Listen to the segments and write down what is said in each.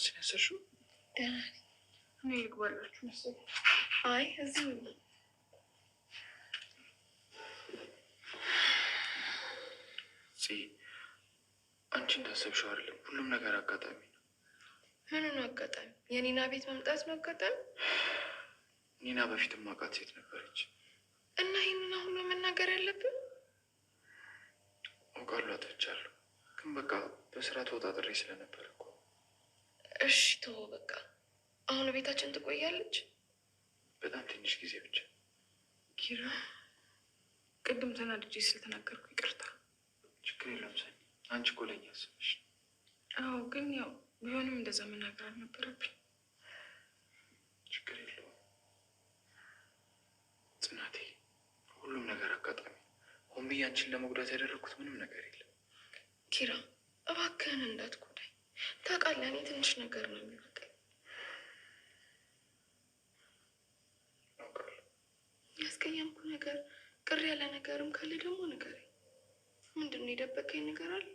ውጭ ነሰሹ? ደህና ነኝ። እኔ ልግባላችሁ መሰለኝ። አይ እዚህ አንቺ እንዳሰብሽው አይደለም። ሁሉም ነገር አጋጣሚ ነው። ምኑን አጋጣሚ? የኒና ቤት መምጣት ነው አጋጣሚ? ኒና በፊትም አውቃት ሴት ነበረች እና ይህንን አሁን መናገር ያለብን? አውቃለሁ፣ አጥፍቻለሁ። ግን በቃ በስራ ተወጣጥሬ ስለነበር እኮ እሺ ተወው በቃ። አሁን ቤታችን ትቆያለች። በጣም ትንሽ ጊዜ ብቻ። ኪራ፣ ቅድም ተናድጄ ስለተናገርኩ ይቅርታ። ችግር የለም ሰኒ፣ አንቺ እኮ ለእኛ አስበሽ። አዎ፣ ግን ያው ቢሆንም እንደዛ መናገር አልነበረብኝ። ችግር የለውም ጽናቴ። ሁሉም ነገር አጋጣሚ፣ ሆን ብዬ አንቺን ለመጉዳት ያደረግኩት ምንም ነገር የለም ኪራ። እባክህን እንዳትኩ ታውቃለህ፣ እኔ ትንሽ ነገር ነው የሚበቃኝ። ያስቀየምኩ ነገር ቅር ያለ ነገርም ካለ ደግሞ ንገረኝ። ምንድን ነው የደበቀኝ ነገር አለ?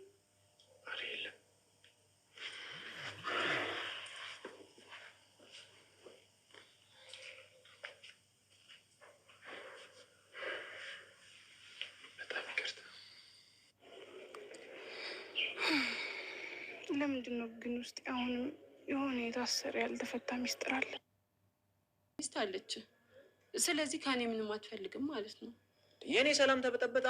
የታሰረ ያልተፈታ ሚስጥር አለ። ሚስት አለች። ስለዚህ ከኔ ምንም አትፈልግም ማለት ነው። የእኔ ሰላም ተበጠበጣ።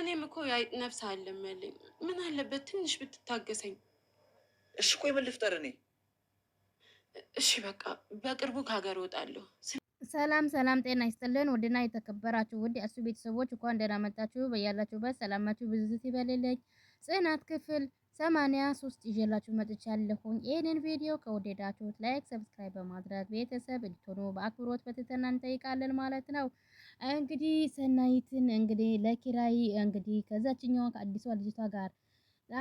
እኔም እኮ የአይጥ ነፍስ አለም ያለኝ። ምን አለበት ትንሽ ብትታገሰኝ። እሺ ቆይ ምን ልፍጠር እኔ? እሺ በቃ በቅርቡ ከሀገር እወጣለሁ። ሰላም ሰላም፣ ጤና ይስጥልን ውድና የተከበራችሁ ውድ የእሱ ቤተሰቦች እንኳን ደህና መጣችሁ። በያላችሁበት ሰላማችሁ ብዙ ይበልልኝ። ጽናት ክፍል ሰማንያ ሶስት ይዤላችሁ መጥቻለሁኝ። ይህንን ቪዲዮ ከወደዳችሁት ላይክ፣ ሰብስክራይብ በማድረግ ቤተሰብ እንድትሆኑ በአክብሮት በትህትና እንጠይቃለን ማለት ነው። እንግዲህ ሰናይትን እንግዲህ ለኪራይ እንግዲህ ከዛችኛዋ ከአዲሷ ልጅቷ ጋር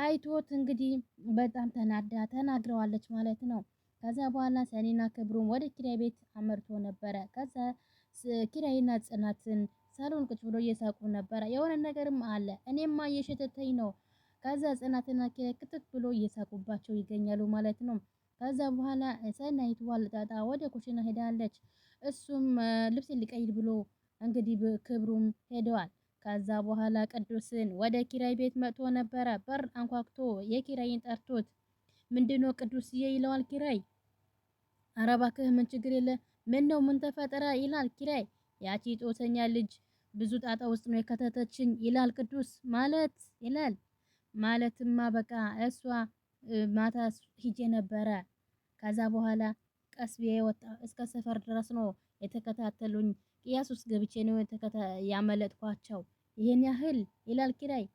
አይቶት እንግዲህ በጣም ተናዳ ተናግረዋለች ማለት ነው። ከዛ በኋላ ሰኔና ክብሩም ወደ ኪራይ ቤት አመርቶ ነበረ። ከዛ ኪራይና ጽናትን ሳሎን ቁጭ ብሎ እየሳቁ ነበረ። የሆነ ነገርም አለ እኔማ እየሸተተኝ ነው ከዛ ጽናትና ኪራይ ክትት ብሎ እየሳቁባቸው ይገኛሉ ማለት ነው። ከዛ በኋላ ሰናይት ዋልጣጣ ወደ ኩሽና ሄዳለች። እሱም ልብስ ሊቀይር ብሎ እንግዲህ ክብሩም ሄደዋል። ከዛ በኋላ ቅዱስን ወደ ኪራይ ቤት መጥቶ ነበረ። በር አንኳክቶ የኪራይን ጠርቶት ምንድነው ቅዱስዬ ይለዋል ኪራይ። ኧረ እባክህ ምን ችግር የለ ምን ነው ምን ተፈጠረ ይላል ኪራይ። ያቺ ጦሰኛ ልጅ ብዙ ጣጣ ውስጥ ነው የከተተችኝ ይላል ቅዱስ ማለት ይላል ማለትማ በቃ እሷ ማታ ሂጄ ነበረ። ከዛ በኋላ ቀስ ብዬ ወጣ እስከ ሰፈር ድረስ ነው የተከታተሉኝ። ቅያስ ውስጥ ገብቼ ነው ያመለጥኳቸው። ይሄን ያህል ይላል ኪራይ።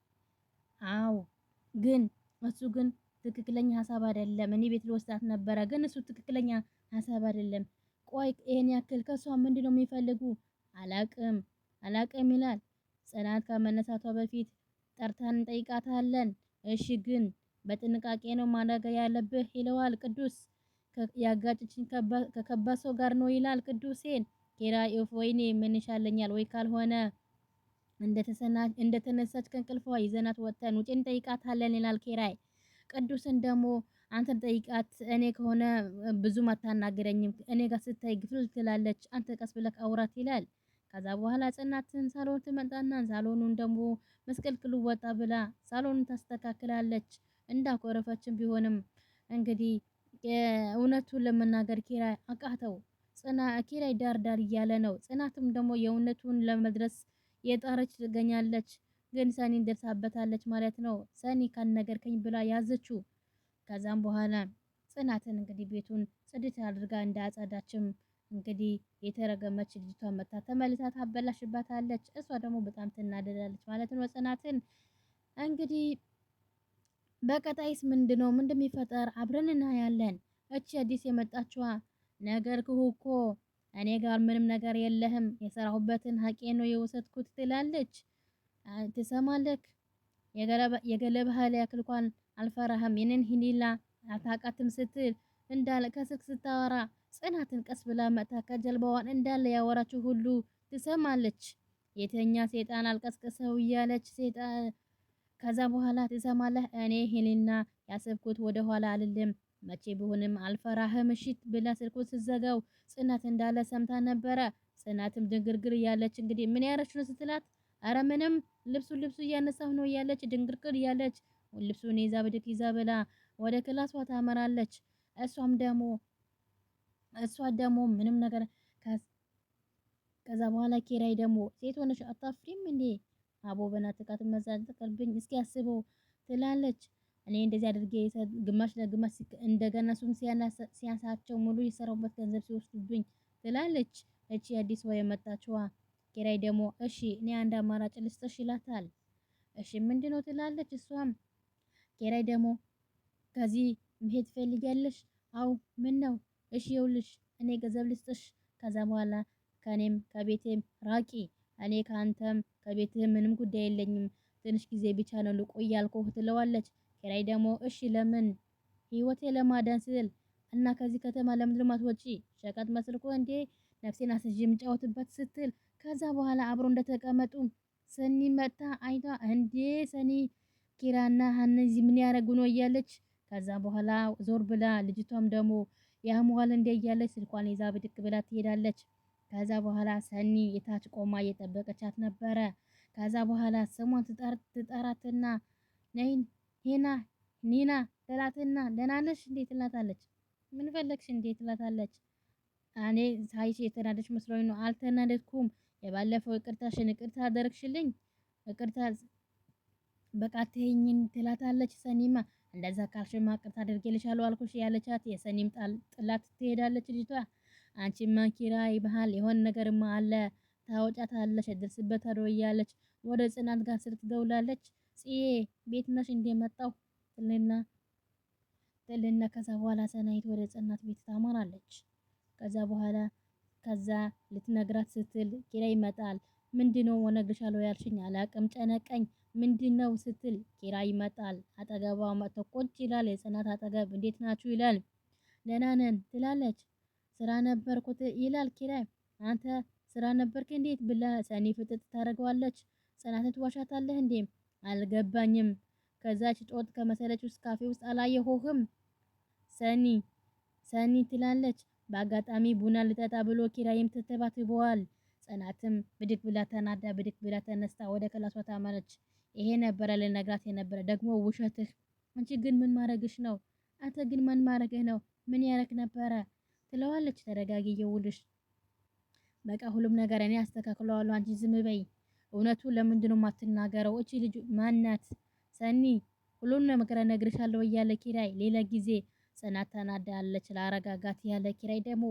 አዎ ግን እሱ ግን ትክክለኛ ሀሳብ አይደለም። እኔ ቤት ልወስዳት ነበረ፣ ግን እሱ ትክክለኛ ሀሳብ አይደለም። ቆይ ይሄን ያክል ከሷ ምንድን ነው የሚፈልጉ? አላቅም አላቅም ይላል ጽናት ከመነሳቷ በፊት ጠርተን እንጠይቃታለን። እሺ ግን በጥንቃቄ ነው ማድረግ ያለብህ ይለዋል ቅዱስ። ያጋጭችን ከከባድ ሰው ጋር ነው ይላል ቅዱሴን። ኬራ ኢፍ ወይኔ ምን ይሻለኛል ወይ ካልሆነ እንደተነሳች ከእንቅልፏ ይዘናት ወጥተን ውጪ እንጠይቃታለን ይላል ኬራይ። ቅዱስን ደግሞ አንተ ጠይቃት፣ እኔ ከሆነ ብዙም አታናግረኝም፣ እኔ ጋር ስታይ ግፍል ትላለች፣ አንተ ቀስ ብለህ አውራት ይላል። ከዛ በኋላ ጽናትን ሳሎን ትመጣና ሳሎኑን ደግሞ መስቀልቅሉ ወጣ ብላ ሳሎኑን ታስተካክላለች። እንዳኮረፈችን ቢሆንም እንግዲህ እውነቱን ለመናገር ኪራይ አቃተው። ጽና ኪራይ ዳር ዳር እያለ ነው። ጽናትም ደግሞ የእውነቱን ለመድረስ የጣረች ትገኛለች። ግን ሰኒ ደርሳበታለች ማለት ነው። ሰኒ ከኝ ብላ ያዘችው። ከዛም በኋላ ጽናትን እንግዲህ ቤቱን ጽድት አድርጋ እንዳጸዳችም እንግዲህ የተረገመች ልጅቷ መታ ተመልሳ ታበላሽባታለች። እሷ ደግሞ በጣም ትናደዳለች ማለት ነው ጽናትን። እንግዲህ በቀጣይስ ምንድነው ምን እንደሚፈጠር አብረን እናያለን። እቺ አዲስ የመጣችዋ ነገር እኮ እኔ ጋር ምንም ነገር የለህም የሰራሁበትን ሀቄ ነው የወሰድኩት ትላለች። ትሰማለክ የገለባህ ላይ ያክልኳን አልፈራህም የኔን ሂኒላ አታቃትም ስትል እንዳለ ከስልክ ስታወራ ጽናትን ቀስ ብላ መታ ከጀልባዋን እንዳለ ያወራችው ሁሉ ትሰማለች። የተኛ ሴጣን አልቀስቀሰው እያለች ሴጣን ከዛ በኋላ ትሰማለህ። እኔ ሄሌና ያሰብኩት ወደ ኋላ አልልም፣ መቼ ቢሆንም አልፈራህ ምሽት ብላ ስልኩን ስትዘጋው ጽናት እንዳለ ሰምታ ነበረ። ጽናትም ድንግርግር እያለች እንግዲህ ምን ያረች ነው ስትላት፣ አረ ምንም ልብሱ ልብሱ እያነሳሁ ነው እያለች ድንግርግር እያለች ልብሱን ይዛ ብድግ ይዛ ብላ ወደ ክላሷ ታመራለች። እሷም ደግሞ እሷ ደግሞ ምንም ነገር ከዛ በኋላ ኪራይ ደግሞ ሴት ሆነሽ አታፍሪም እንዴ አቦ በናትህ አትመጻደቅብኝ እስኪ አስበው ትላለች። እኔ እንደዚህ አድርጌ ግማሽ ለግማሽ እንደገና እሱም ሲያንሳቸው ሙሉ የሰራሁበት ገንዘብ ሲወስዱብኝ ትላለች። እቺ አዲስ ወይ የመጣችዋ ኪራይ ደግሞ እሺ እኔ አንድ አማራጭ ልስጥሽ ይላታል። እሺ ምንድነው ትላለች። እሷም ኪራይ ደግሞ ከዚህ መሄድ ትፈልጊያለሽ? አው ምን ነው እሺ ይኸውልሽ እኔ ገንዘብ ልስጥሽ፣ ከዛ በኋላ ከኔም ከቤቴም ራቂ። እኔ ከአንተም ከቤትህም ምንም ጉዳይ የለኝም፣ ትንሽ ጊዜ ብቻ ነው ልቆይ ያልኩህ ትለዋለች። ኪራይ ደግሞ እሺ ለምን ህይወቴ ለማዳን ስል እና ከዚህ ከተማ ለምንድን ወጪ ሸቀጥ መስልኮ እንዴ ነፍሴን አስይዤ የምጫወትበት ስትል ከዛ በኋላ አብሮ እንደተቀመጡ ሰኒ መጣ አይቷ እንዴ ሰኒ ኪራና ሀና ምን ያደረጉ ነው እያለች ከዛ በኋላ ዞር ብላ ልጅቷም ደግሞ ያሟል እንደ እያለች ስልኳን ይዛ ብድቅ ብላ ትሄዳለች። ከዛ በኋላ ሰኒ የታች ቆማ እየጠበቀቻት ነበረ። ከዛ በኋላ ስሟን ትጠራትና ነይን ሄና ኒና ትላትና ደህና ነሽ እንዴት ትላታለች። ምን ፈለግሽ እንዴት ትላታለች። እኔ ሳይሽ የተናደድሽ መስሎኝ ነው። አልተናደድኩም። የባለፈው ይቅርታሽን ይቅርታ አደረግሽልኝ ይቅርታ በቃ ትላታለች። ሰኒማ እንደዛ ካልሽማ ቅርታ አድርጌልሻለሁ አልኩሽ ያለቻት የሰኒም ጥላት ትሄዳለች። ልጅቷ አንቺማ ኪራይ ባህል የሆነ ነገርማ አለ ታወጫታለሽ፣ አዶ እያለች ወደ ጽናት ጋር ስልክ ደውላለች። ጽዬ ቤት ነሽ እንደመጣው ትልና ትልና ከዛ በኋላ ሰናይት ወደ ጽናት ቤት ታመራለች። ከዛ በኋላ ከዛ ልትነግራት ስትል ኪራይ ይመጣል። ምንድነው እነግርሻለሁ ያልሽኝ? አላቅም ጨነቀኝ። ምንድነው ስትል ኪራ ይመጣል። አጠገቧ መጥቶ ቁጭ ይላል። የጽናት አጠገብ እንዴት ናችሁ ይላል። ደህና ነን ትላለች። ስራ ነበርኩት ይላል ኪራይ። አንተ ስራ ነበርክ እንዴት ብላ ሰኒ ፍጥጥ ታደርገዋለች። ጽናትን ትዋሻታለህ እንዴ? አልገባኝም። ከዛች ጦት ከመሰለች ውስጥ ካፌ ውስጥ አላየሁህም ሰኒ ሰኒ ትላለች። በአጋጣሚ ቡና ልጠጣ ብሎ ኪራይም ትተባትበዋል። ጽናትም ብድግ ብላ ተናዳ ብድግ ብላ ተነስታ ወደ ክላሷ ታመረች። ይሄ ነበረ ልነግራት የነበረ ደግሞ ውሸትህ። አንቺ ግን ምን ማረግሽ ነው? አንተ ግን ምን ማረግህ ነው? ምን ያረግ ነበረ ትለዋለች። ተረጋጊ የውልሽ በቃ ሁሉም ነገር እኔ አስተካክለዋለሁ። አንቺ ዝም በይ። እውነቱ ለምንድን ነው የማትናገረው? እቺ ልጅ ማናት? ሰኒ ሁሉም ነገር እነግርሻለሁ እያለ ኪራይ ሌላ ጊዜ ጽናት ተናዳለች። ላረጋጋት ያለ ኪራይ ደግሞ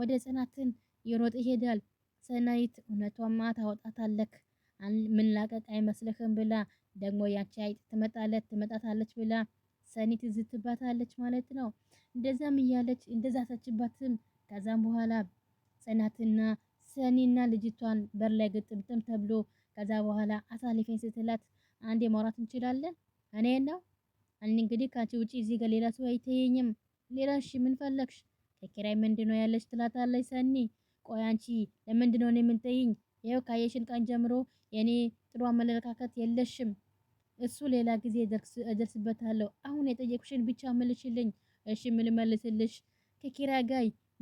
ወደ ጽናትን ይሮጥ ይሄዳል። ሰናይት እውነቷማ ታወጣታለክ ምን ላቀቅ አይመስልህም ብላ ደግሞ ያቺ አይጥ ትመጣለች ትመጣታለች ብላ ሰኒት ዝትባታለች ማለት ነው። እንደዛም እያለች እንደዛተችባትም ከዛም በኋላ ጽናትና ሰኒና ልጅቷን በር ላይ ግጥምጥም ተብሎ ከዛ በኋላ አሳልፌን ስትላት አንዴ ማውራት እንችላለን እኔ ነው እንግዲህ ካንቺ ውጪ እዚህ ጋር ሌላ ሰው አይተየኝም። ሌላ እሺ ምን ፈለግሽ? ከኪራይ ምንድነው ያለሽ ትላታለች ሰኒ ቆይ አንቺ ለምንድነው እኔ የምንጠይኝ? ይኸው ካየሽን ቀን ጀምሮ የኔ ጥሩ አመለካከት የለሽም። እሱ ሌላ ጊዜ እደርስበታለሁ። አሁን የጠየቅሽን ብቻ መልሽልኝ። እሺ ምን መልስልሽ? ከኪራ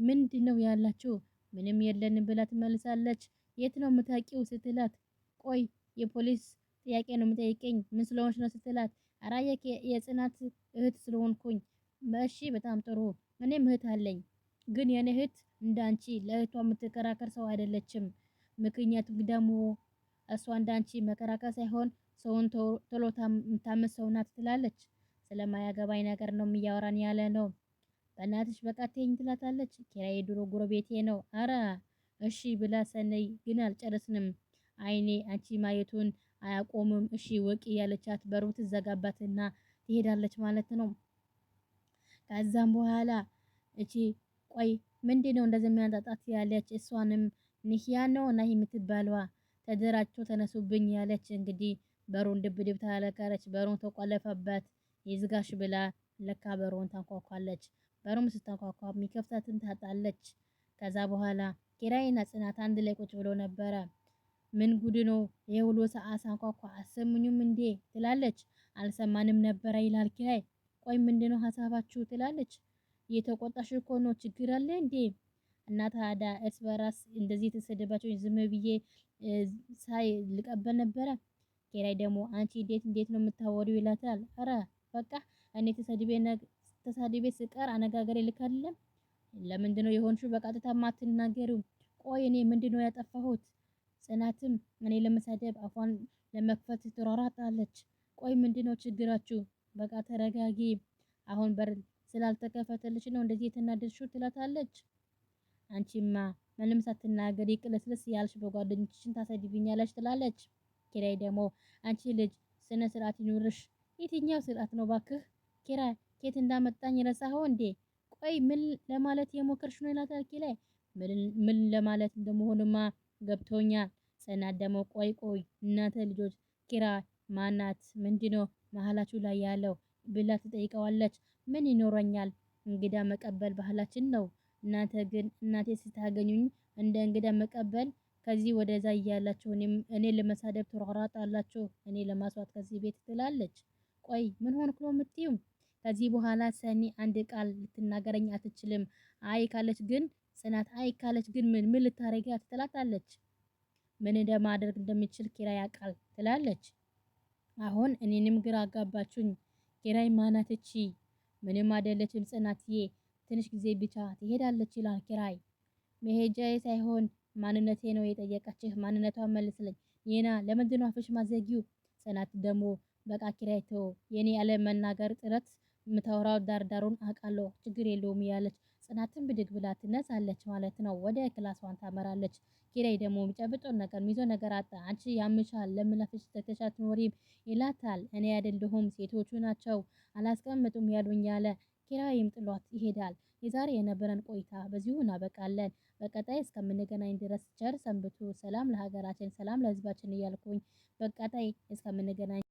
ምንድ ነው ያላችሁ? ምንም የለንም ብላ ትመልሳለች። የት ነው የምታውቂው ስትላት፣ ቆይ የፖሊስ ጥያቄ ነው የምጠይቀኝ ምን ስለሆንሽ ነው ስትላት፣ አራየ የጽናት እህት ስለሆንኩኝ። እሺ በጣም ጥሩ እኔም እህት አለኝ፣ ግን የኔ እህት እንዳንቺ ለእህቷ የምትከራከር ሰው አይደለችም። ምክንያቱም ደግሞ እሷ እንዳንቺ መከራከር ሳይሆን ሰውን ቶሎ የምታምስ ሰው ናት ትላለች። ስለማያገባኝ ነገር ነው የሚያወራን ያለ ነው። በእናትሽ በቃ ተይኝ ትላታለች። ኪራይ የድሮ ጎረቤቴ ነው። አረ እሺ ብላ ሰነይ ግን አልጨረስንም። አይኔ አንቺ ማየቱን አያቆምም። እሺ ወቂ ያለቻት በሩ ትዘጋባትና ትሄዳለች ማለት ነው። ከዛም በኋላ እቺ ቆይ ምንድ ነው እንደዚህ የሚያንጣጣት ያለች እሷንም ኒህያ ነው እና የምትባለዋ ተደራጅቶ ተነሱብኝ ያለች እንግዲህ በሩን ድብ ታለቀረች። በሩን ተቆለፈበት ይዝጋሽ ብላ ለካ በሩን ታንኳኳለች። በሩም ስታንኳኳ የሚከፍታትን ታጣለች። ከዛ በኋላ ኪራይና ጽናት አንድ ላይ ቁጭ ብሎ ነበረ። ምን ጉድ ነው የውሎ ሰዓት ሳንኳኳ አሰሙኝም እንዴ ትላለች። አልሰማንም ነበረ ይላል ኪራይ። ቆይ ምንድነው ሀሳባችሁ ትላለች። እየተቆጣሽ እኮ ነው። ችግር አለ እንዴ? እና ታዲያ እርስ በራስ እንደዚህ የተሰደባቸው ዝም ብዬ ሳይ ልቀበል ነበረ። ኬራይ ደግሞ አንቺ እንዴት እንዴት ነው የምታወሪው ይላታል። አረ በቃ እኔ ተሰድቤ ተሳድቤ ስቀር አነጋገር ይልካለም። ለምንድን ነው የሆንሽው? በቀጥታ ማትናገሩ? ቆይ እኔ ምንድን ነው ያጠፋሁት? ጽናትም እኔ ለመሳደብ አፏን ለመክፈት ትሯሯጣለች። ቆይ ምንድን ነው ችግራችሁ? በቃ ተረጋጊ አሁን በር ስላልተከፈተልሽ ነው እንደዚህ የተናደድሽው ትላታለች። አንቺማ ምንም ሳትናገሪ ቅልስልስ ያልሽ በጓደኞችሽን ታሰድብኛለሽ ትላለች። ኪራይ ደግሞ አንቺ ልጅ ስነ ስርዓት ይኑርሽ። የትኛው ስርዓት ነው ባክህ? ኪራይ ኬት እንዳመጣኝ ረሳኸው እንዴ? ቆይ ምን ለማለት የሞከርሽ ነው ይላታል ኪራይ። ምን ለማለት እንደመሆኑማ ገብቶኛል። ጽናት ደግሞ ቆይ ቆይ እናንተ ልጆች ኪራይ ማናት ምንድነው መሀላችሁ ላይ ያለው ብላ ትጠይቀዋለች። ምን ይኖረኛል? እንግዳ መቀበል ባህላችን ነው። እናንተ ግን እናቴ ስታገኙኝ እንደ እንግዳ መቀበል ከዚህ ወደዛ እያላችሁ እኔ ለመሳደብ ትሯሯጣላችሁ፣ እኔ ለማስዋት ከዚህ ቤት ትላለች። ቆይ ምን ሆንክ ነው የምትይው? ከዚህ በኋላ ሰኒ አንድ ቃል ልትናገረኝ አትችልም። አይ ካለች ግን ጽናት አይ ካለች ግን ምን ምን ልታረጊያት ትላታለች። ምን እንደማደርግ እንደምችል ኪራይ ያውቃል ትላለች። አሁን እኔንም ግራ አጋባችሁኝ። ኪራይ ማናትቺ ምንም አይደለችም ጽናትዬ፣ ትንሽ ጊዜ ብቻ ትሄዳለች ይላል ኪራይ። መሄጃዬ ሳይሆን ማንነቴ ነው የጠየቀችህ፣ ማንነቷን መልስልኝ። ይና ለምንድን ነው አፍሽ ማዘጊው? ጽናት ደግሞ በቃ ኪራይ ተው፣ የኔ ያለ መናገር ጥረት የምታወራው ዳርዳሩን አውቃለሁ፣ ችግር የለውም እያለች ጽናትን ብድግ ብላ ትነሳለች ማለት ነው። ወደ ክላስዋን ታመራለች። ኪራይ ደግሞ የሚጨብጠውን ነገር ሚዞ ነገር አጣ። አንቺ ያምሻል ለምለፍሽ ተተሻት ኖሪም ይላታል። እኔ አይደለሁም ሴቶቹ ናቸው አላስቀምጡም ያሉኝ ያለ ኪራይም ጥሏት ይሄዳል። የዛሬ የነበረን ቆይታ በዚሁ እናበቃለን። በቀጣይ እስከምንገናኝ ድረስ ቸር ሰንብቱ። ሰላም ለሀገራችን፣ ሰላም ለሕዝባችን እያልኩኝ በቀጣይ እስከምንገናኝ